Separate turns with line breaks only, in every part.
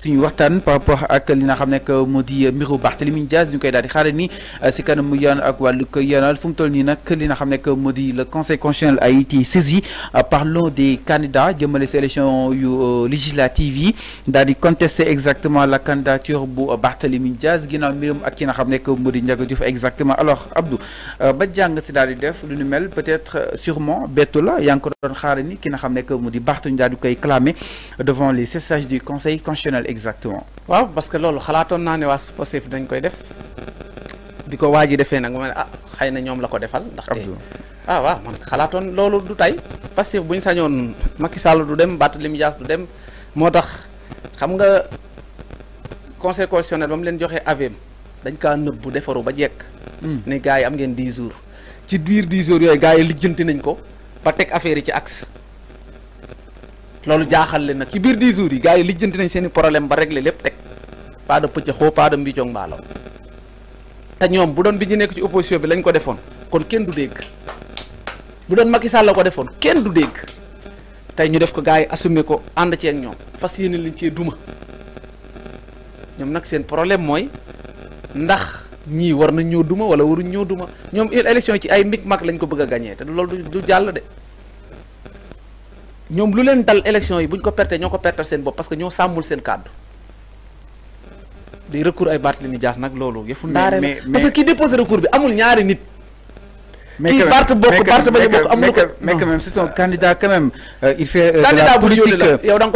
suñu waxtaan par rapport ak li nga xamné nekk modi di mbiru Barthélémy Diaz ñu koy daal di ni ci euh, kanam yoon ak walu ko yoonal fum mu toll nii nag li nga xamné nekk modi le conseil constitutionnel haïti saisi euh, par l'un des candidats jëmale sélection yu euh, législative daldi contester exactement la candidature bu Barthélémy Diaz ginaaw mirum ak ki nga xamné nekk modi di Ndiaga exactement alors Abdou ba jang ci daldi def lu ñu mel peut-être sûrement bettu la yaa ko doon xaare ni ki nga xamné nekk modi di Barthélémy daal koy clamer devant les sages du conseil constitutionnel exactement. waaw parce que loolu xalaatoon naa ne waa Pastef dañ koy def bi ko waa
ji defee nag ma ne ah xëy na ñoom la ko defal. ndaxte ah waaw man xalaatoon loolu du tey Pastef bu ñu sañoon Macky Sall du dem Barthélémy Dias du dem moo tax xam nga conseil constitutionnel ba mu leen joxe avem dañ kaa nëbb bu defaru ba jekk. Hmm. ne gars yi am ngeen 10 jours. ci biir 10 jours yooyu gars yi lijjanti nañ ko ba teg affaire yi ci axe. loolu jaaxal leen nag ki biir di jours yi gars yi lijjanti nañ seen i problème ba réglé lépp teg pas de pëccëxoo pas de mbiicoog mbaalaw te ñoom bu doon bi ñu nekk ci opposition bi lañ ko defoon kon kenn du dégg bu doon Macky Sall la ko defoon kenn du dégg tey ñu def ko gars yi assumé ko ànd ci ak ñoom fas yéene lañ cee duma ñoom nag seen problème mooy ndax ñii war nañ ñoo duma wala waruñ ñoo duma ñoom élection ci ay mig mag lañ ko bëgg a gagné te loolu du jàll de. ñoom lu leen dal élection yi buñ ñu ko perte ñoo ko perte seen bopp parce que ñoo sàmmul seen kàddu di recours ay Barthélémy Dias nag loolu yëfu ndaare la parce que kii déposé recours
bi amul ñaari nit
kii Barth bokk Barth bañ a bokk amul ko euh, euh,
xam euh,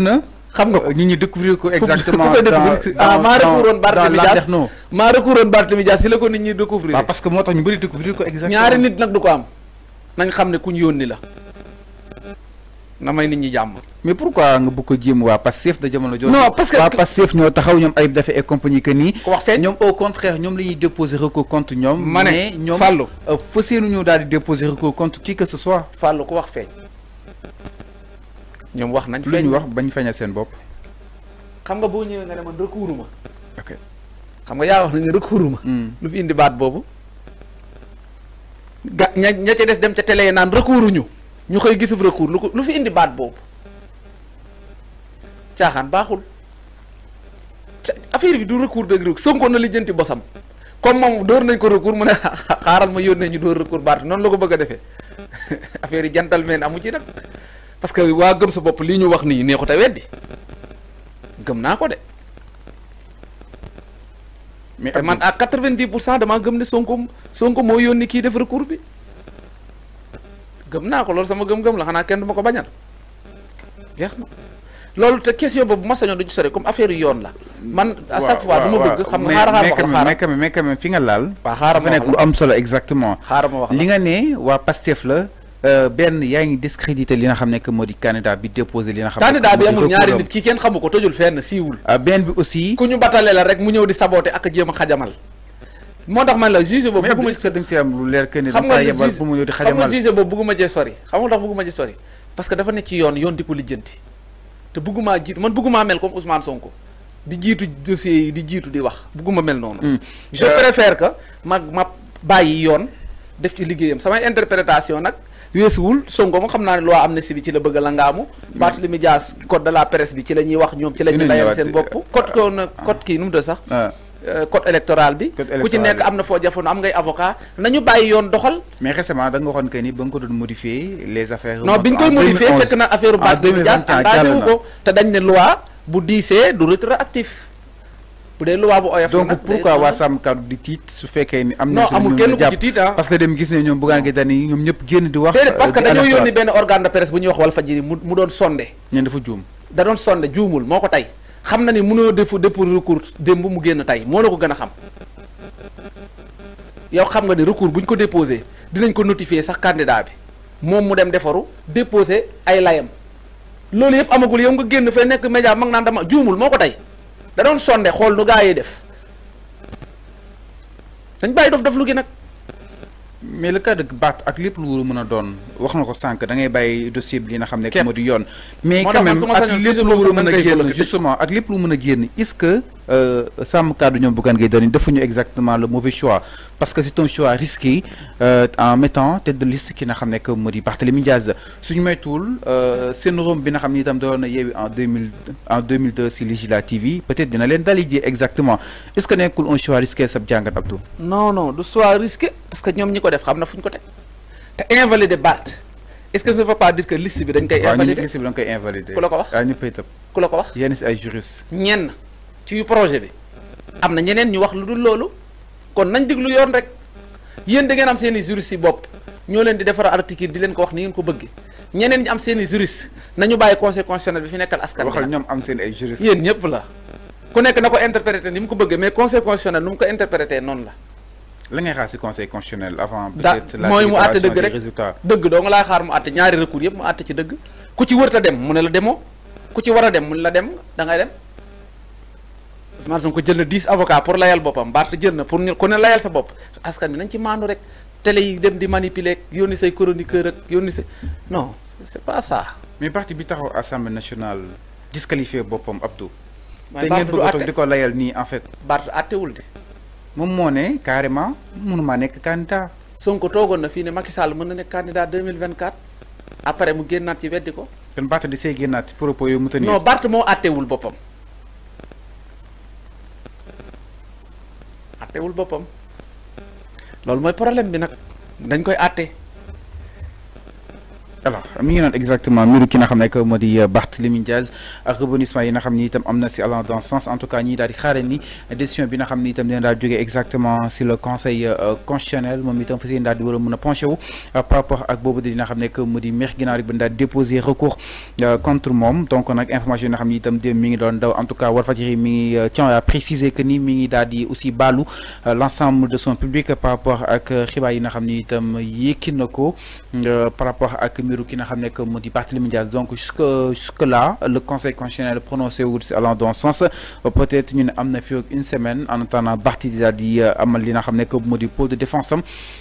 na xam nga ko nit ñi découvrir ko exactement ah maa recours woon Barthélémy Dias maa recours
la ko nit ñi découvrir parce que moo tax ñu bëri découvrir ko ñaari nit nag du ko am nañ xam ne ku ñu yónni
la na may nit ñi jàmm. mais pourquoi nga bëgg ko jéem waa Pastef da jamono jooju. non parce que waa Pastef ñoo taxaw ñoom Ayib Daffé et compagnie que nii. wax feeñ ñoom au contraire ñoom la ñuy déposer recours contre ñoom. ma ne euh, daal di déposer recours contre qui que ce soit. Fallou ko wax feeñ. ñoom wax nañ. feeñ lu ñu wax bañ feeñal seen bopp.
xam nga boo ñëwee nga ne man ma.
xam nga yaa wax na nga recours ma. Hmm. lu
fi indi baat boobu. ga ña ña ca des dem ca télé yi naan recours ñu. ñu koy gisub recours lu ko lu fi indi baat boobu caaxaan baaxul affaire bi du recours de recours Sonko na lijjanti bosam comme moom dóor nañ ko recours mu ne xaaral ma yónnee ñu dóor recours baat noonu la ko bëgg a defee affaire yi jantal meen amu ci nag parce que waa gëm sa bopp lii ñu wax nii neexut a weddi gëm naa ko de. mais man à quatre-vingt-dix pour cent damaa gëm ne Sonko Sonko moo yónni kii def recours bi. gëm naa ko loolu sama gëm-gëm la xanaa kenn duma ko bañal jeex na loolu te question boobu ma du ci sori comme affaire yoon la. man à chaque fois du ma bëgg. xam nga xaaral wax la xaaral
mais quand même fi nga laal. waaw xaaral ma nekk lu am solo exactement. xaaral ma wax li nga ne waa Pastef la. Euh, benn yaa ngi discrédité li nga xam ne que moo di candidat bi déposé li nga xam ne candidat bi amul ñaari nit
kii kenn xamu ko tojul fenn siiwul. Euh, benn bi aussi. ku ñu batale la rek mu ñëw di saboter ak jéem a xajamal. moo tax man la juge boobu. mais est-ce que da nga si am lu leer que ni. xam nga juge mu ñëw di xam nga juge boobu bëgguma cee sori xam nga tax bëgguma cee sori parce que dafa ne ci yoon yoon di ko lijjanti te bëggumaa jiitu man bëggumaa mel comme Ousmane Sonko di jiitu dossier yi di jiitu di wax bëgguma mel noonu. Hmm. je euh, préfère que ma ma bàyyi yoon def ci liggéeyam samay interprétation nag. weesuwul Sonko ma xam naa ne loi amnistie bi ci la bëgg a langaamu. Hmm. Barthélémy Dias code de la presse bi ci la ñuy wax ñoom ci la ñu layal seen bopp. code ko euh, nag euh, code kii nu mu Euh, code électoral bi ku ci nek amna fo foo am ngay avocat nañu bayyi yon doxal mais récemment da nga xone que ni ba nga ko doon modifier les affaires non biñ koy modifier fekk na affaire ba Barthélémy jass engagé ko te dañ ne loi bu
diisee du rétroactif bu dé loi bu oyaf donc pourquoi wa sam kaddu di tiit su fekkee ni amna non amul kenn ku ci tiit ah parce que dem gis ne ñoom buggaan ngi dani ñom ñep genn di wax parce que dañu yoni
ben organe de presse bu ñu wax wal Walfadjri mu doon sonde ñeen dafa joom da doon sondé joomul moko tay xam na ni mënoo def dépôt recours démb mu génn tey moo la ko gën a xam yow xam nga ni recours bu ñu ko déposé dinañ ko notifier sax candidat bi moom mu dem defaru déposé ay layam loolu yëpp amagul yow nga génn fee nekk média mag naan dama juumul moo ko tey da doon sonde xool nu gaa yi def dañ bàyyi dof dof lu nag
mais le cas de baat ak lépp lu mën a doon waxna ko sank da ngay baye dossier bi li nga xam ne moo di mais quand même ak lépp lu mën a génn justement ak lepp lu mën a génn est-ce que euh sàmm kàddu ñoom Bougane Gueye Dany defuñu exactement le mauvais choix parce que c'est un choix risqué euh en mettant tête de liste ki nga xam ko que moo di Barthélémy Diaz suñu moytuwul euh, syndrome bi nga xam ne itam doon na yeewi en 2000 en 2002 mille deux législative yi peut-être dina len dali exactement est-ce que nekul un choix risqué sab jàngat Abdou
non non du choix risqué parce que ñom ñiko def xamna fuñ ko teg te invalider bat est-ce que ça veut pas dire que liste bi dañ koy. invalider liste bi dañ
koy invalider. ku la ko wax ñu pay top ku la ko wax yene si ay juriste.
ñen ci yu projet bi amna ñeneen ñu wax luddul lolu kon nañ diglu yoon rek yeen da ngeen am seen juriste bop bopp ñoo leen di defar article di leen ko wax ni ngeen ko bëgg ñeneen ñi am seen juriste nañu bayyi conseil constitutionnel bi fi nekkal askan waxal ñom am seen ay juriste yeen ñepp la ku nekk nako interpréter ni mu ko bëggee mais conseil constitutionnel num ko interpréter non la
la ngay xaar ci conseil constitutionnel avant. peut-être la moy mu àtte deug rek
deug do nga la xaar mu àtte ñaari recours yépp mu àtte ci deug ku ci wërta dem mu ne la demo ku ci wara dem mu ne la dem da ngay dem. Ousmane Sonko jël na avocats pour layal bopam Barth jël na pour ku ne layal sa bop askan bi nañ ci mandu rek télé yi dem di manipuler yoni say chroniqueur ak yoni say
non c'est pas ça. mais parti bi taxaw assemblée nationale disqualifier bopam Abdou. te ngeen bëgg layal ni en fait. Barth attewul di. moom moo ne carrément mënumaa nekk candidat. Sonko toogoon na fii ne Macky Sall mën na nekk candidat 2024
après mu génnaat ci weddi ko.
kon di see génnaat ci propos yooyu mu tënee. non
Barth moo àttewul boppam. àttewul boppam loolu mooy problème bi nag dañ koy àtte.
alors mi ngi exactement mbiru ki nga xam nekk moo di euh, Barthélémy Diaz ak rebondissement yi nga xam ni itam am na si sens en tout cas ni daal di xaare ni décision bi nga xam ni itam dina daal jógee exactement sur le conseil euh, constitutionnel moom itam fas yéene daal di war a euh, par rapport ak boobu di nga xam nekk moo di meex rek ba daal déposé recours contre moom donc nag information n'a nga xam ni itam dé mi ngi daw en tout cas Walfadjri mi ngi tient à que ni mi ngi daal aussi baalu l'ensemble de son public par rapport ak xibaar yi nga xam ni itam yékki na par rapport ak mbiru ki n'a xam nekk mu di donc jusque jusque là le conseil constitutionnel prononcé ou allant dans sens peut être une ne une semaine en attendant Barthélémy daal di à euh, li nga xam nekk pôle de défense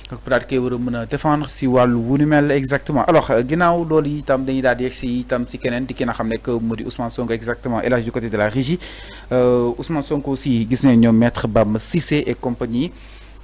Donc peut être que vous a défendre si wàllu wu mel exactement alors euh, ginnaaw loolu itam dañuy daal di yegg si itam si keneen di ki nga xam nekk Ousmane Sonko exactement élage du côté de la régie euh, Ousmane Sonko aussi gis nañ ñoom maître Bam Cissé et compagnie.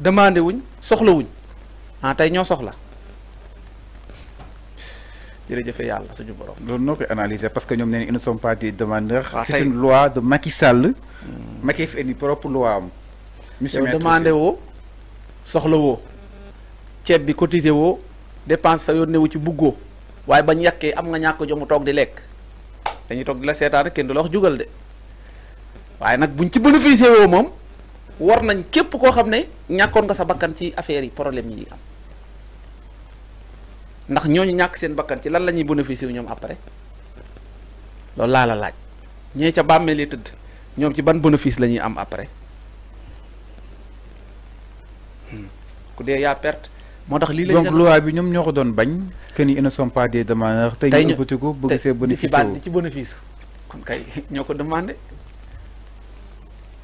demandé wuñ soxla wuñ ah tay ño soxla jërëjëfe yalla suñu borom
do noo koy analyser parce que ñom néne ils ne sont pas des demandeurs c'est une loi de Macky Sall hmm. Macky fait une propre loi am monsieur demandé wo soxla wo ciéb bi
cotiser wo dépense sa yónnee wu ci buggo waye bañ yaké am nga ñak jomu tok di lek dañuy tok di la sétane rek kenn du la wax jugal dé waye nak buñ ci bénéficier wo mom war nañ képp koo xam ne ñàkkoon nga sa bakkan ci affaire yi problème yi am ndax ñooñu ñàkk seen bakkan ci lan la ñuy bénéficier wu ñoom après loolu laa la laaj ñee ca bàmmeel yi tëdd ñoom ci ban bénéfice la ñuy am après hmm. ku dee yaa perte. moo tax lii la donc loi
bi ñoom ñoo ko doon bañ. que ni ils ne sont pas des demandeurs. tey ñu ëppatiku bëgg see bénéfice ci
ci bénéfice kon kay ñoo ko demandé.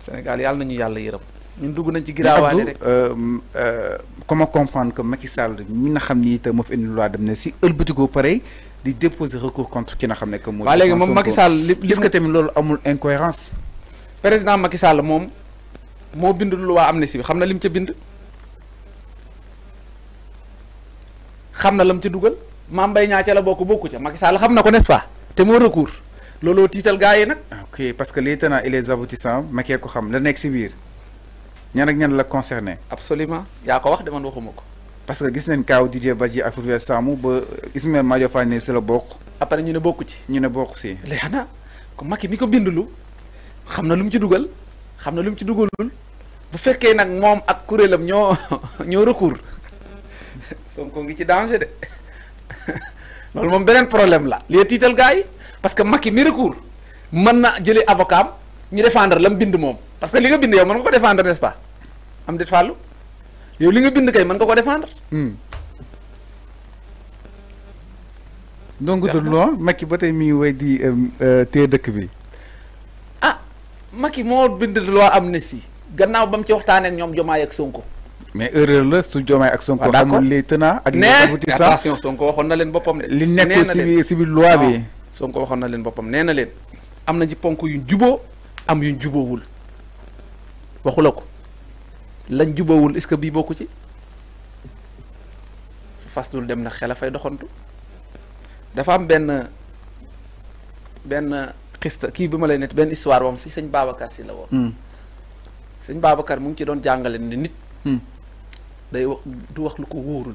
Sénégal yàlla na ñu yàlla yërëm. ñu dugg nañ ci giraawaane rek
euh, euh, comment comprendre que Macky Sall mu nga xam ni itam moo fi indi loi d'amnistie ëlbatiku pare di déposer recours contre ki nga xam ne que. mooy waa léegi moom Macky Sall li li gis nga amul incohérence président Macky Sall moom
moo bind loi amnistie bi xam na lim ca bind. xam na mu ci dugal Mame Mbaye Niang ca la bokk bokku ca Macky Sall xam na ko
nest pas te moo recours. looloo tiital gars yi nag. Ah, ok parce que les tenants et les aboutissants ma kee ko xam la nekk si biir ñan ak ñan la concerné. absolument yaa ko wax de man waxuma ko. parce que gis nañ kaaw Didier Badji ak Fulbert Sambou ba Ismaël Madior Fall ne si la bokk. après ñu ne bokku ci. ñu ne bokk si. léegi xanaa ko Macky mi ko bind lu xam na lu mu ci dugal xam na lu mu ci
dugalul bu fekkee nag moom ak kuréelam ñoo ñoo recours Sonko ngi ci danger de loolu moom beneen problème la. liy tiital gars yi. parce que Macky mi recours man na jëlé avocat ñu défendre lam bind mom parce que li nga bind yow man nga ko défendre n'est-ce pas am dit fallu yow li nga bind kay man nga ko défendre.
hmm donc de lo Macky batay mi way di euh, euh, té dëkk bi.
ah Macky mo bind de loi amnistie gannaaw bam ci waxtane ak ñom jomaay ak Sonko.
mais erreur la su Diomaye ak Sonko. Ah, xamul li tenants ak. les aboutissants sa attention
Sonko waxon na len bopam li nekk ci biir loi bi. Sonko waxoon na leen boppam nee na leen am na ji ponk yu juboo am yu juboowul waxula ko lañ juboowul est bii bokku ci fas dul dem na xel a fay doxantu dafa am benn benn xista kii bi ma lay net benn histoire boo xam si sëñ Babacar si la woon. Hmm. sëñ Babacar mu ngi ci doon jàngale ni nit. Hmm. day wax du wax lu ko wóorul.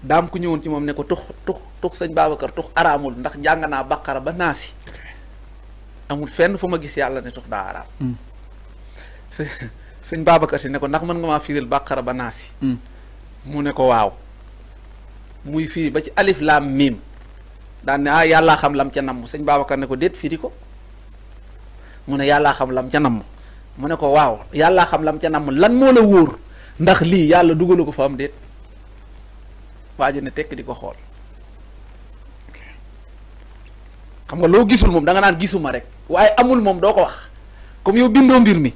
daam ku ñëwoon ci moom ne ko tux tux tux sëñ Babacar tux araamul ndax jàng naa bàqara ba naasi amul fenn fu ma gis yàlla ne tux daa araam mm. sëñ sëñ si ne ko ndax mën nga maa firil baqara ba naasi mm. mu ne ko waaw muy firi ba ci alif laam miim daan ne ah yàllaa xam lam ca namm sëñ baabakar ne ko déet firi ko mu ne yàllaa xam lam ca namm mu ne ko waaw yàllaa xam lam ca namm lan moo la wóor ndax lii yàlla dugalu ko fa am déet waa ne tek di xol xam nga lo gisul mom da nga nan gisuma rek waye amul mom doko wax comme yow bindo mbir mi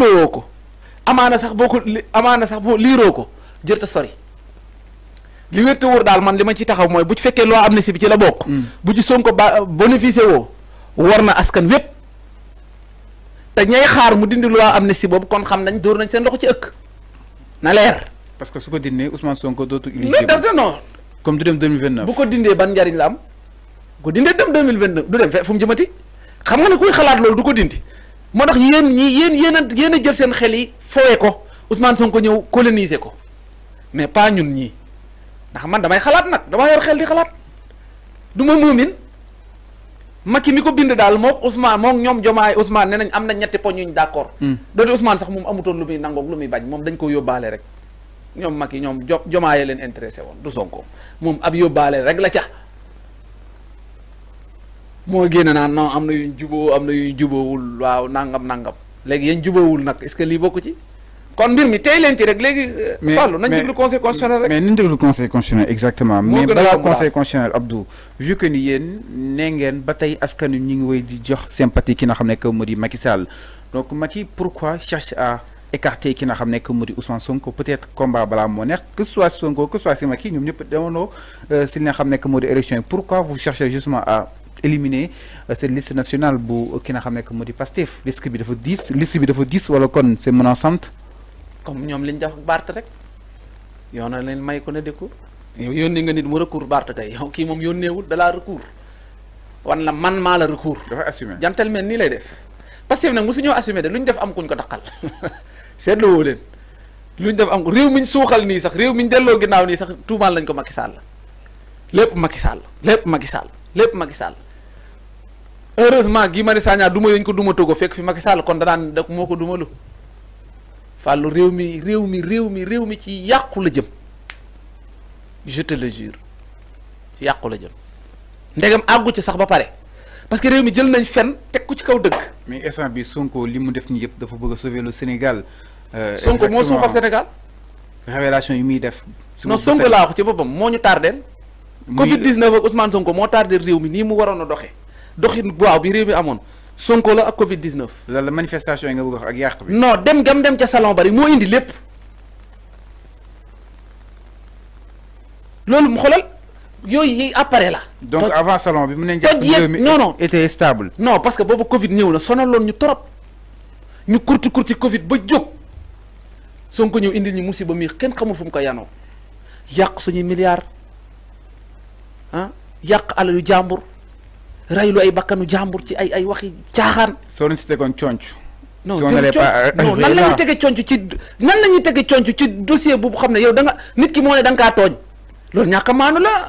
lo woko amana sax boko amana sax boo ko sori li wér te dal man lima ci taxaw moy bu ci fekke lo am ne bi ci la bok mm. bu ci Sonko wo warna askan wep te ñay xaar mu dindi lo am ne kon xam nañ door nañ seen loxo ci ëkk na leer.
parce que su ko dindee Ousmane Sonko dootu.
éligible mais non comme du dem 2029. bu ko dindee ban la ko dindee dem 2029 du dem fe fu mu jëmati xam nga ne kuy xalaat loolu du ko dindi moo tax yéen ñi yéen yéen a yéen a jël seen xel yi fowee ko Ousmane Sonko ñëw coloniser ko mais pas ñun ñii ndax man damay xalaat nag damaa yor xel di xalaat du ma muumin Macky mi ko bind ñoom Jomaay Ousmane nee am na ñetti poñ yuñ d'accord. Hmm. dootu Ousmane sax moom amutoon lu muy nangoog lu muy bañ moom dañ ko yóbbaale rek. ñom Macky ñom jo jomaaye leen intéressé won du Sonko mom ab yóbbaale rek la ca mo génn na non amna na yuñ juboo am na yuñ juboowul waaw nangam nangam léegi yéen juboowul nak est-ce que li bokku ci kon mbir mi tey leen ci rek légui euh, Fallou nañ déglu conseil constitutionnel
rek. mais ni déglu conseil constitutionnel exactement. mais balaa conseil constitutionnel Abdou. vu que ni yeen né ngeen ba tey askan ñi ngi woy di jox sympathie ki nga xamné ko modi Macky Sall donc Macky pourquoi cherche à écarté ki n'a xam nekk Ousmane Sonko peut-être combat balaa moo que ce soit Sonko que ce soit Simaki ñoom ñëpp demoonoo euh, si li nga xam nekk mu élection pourquoi vous cherchez justement à éliminer euh, cette liste nationale bu ki nga xam nekk mu di Pastef liste bi dafa 10 liste bi dafa diis wala kon c'est menaçante comme ñoom liñ def Barth rek yoona leen may ko na décours
yow yónnee nga nit mu recours Barth tey yow kii moom de la recours wan la man maa recours dafa assumé jantel mel nii lay def Pastef nag mosu ñoo assumé de lu ñu def am kuñ ko daqal seetlu woo leen lu ñu def am réew mi ñu suuxal nii sax réew mi ñu delloo ginnaaw nii sax tuubaal lañ ko Macky Sall lépp Macky Sall lépp Macky Sall lépp Macky Sall heureusement gi Mari Sagna duma yooyu ñu ko duma togo fekk fi Macky Sall kon danaan da moo ko dumalu fàllu réew mi réew mi réew mi réew mi ci yàqu la jëm je te le jure ci yàqu la jëm ndegam àggu ci sax ba pare
parce que réew mi jël nañ fen teg ko ci kaw dëgg. mais instant bi Sonko li mu def nii yëpp dafa bëgg a sauver le Sénégal. Euh, Sonko moo suuxal Sénégal. révélation yi muy def. non Sonko laa ci boppam moo ñu
tardeel. Covid 19 ak Ousmane Sonko moo tardeel réew mi nii mu waroon a doxee doxin waaw bi réew mi amoon Sonko la ak Covid 19. la la manifestation yi nga bëgg wax ak yàq bi. non
dem gam dem ca salon bari moo indi lépp loolu mu xoolal. Il yi donc avant salon bi était stable.
non parce que le Covid ñew na sonaloon ñu Nous ñu courti le Covid ba Son ko ñew indil ñu musiba mi ken xamul fu mu ko milliards ah, ala lu Nous ray lu ay bakkanu jambour ci ay ay waxi
Nous non si euh, non non non non
Nous non ci Non, non non non ci dossier non non yow da nga nit ki non da nga non non non non non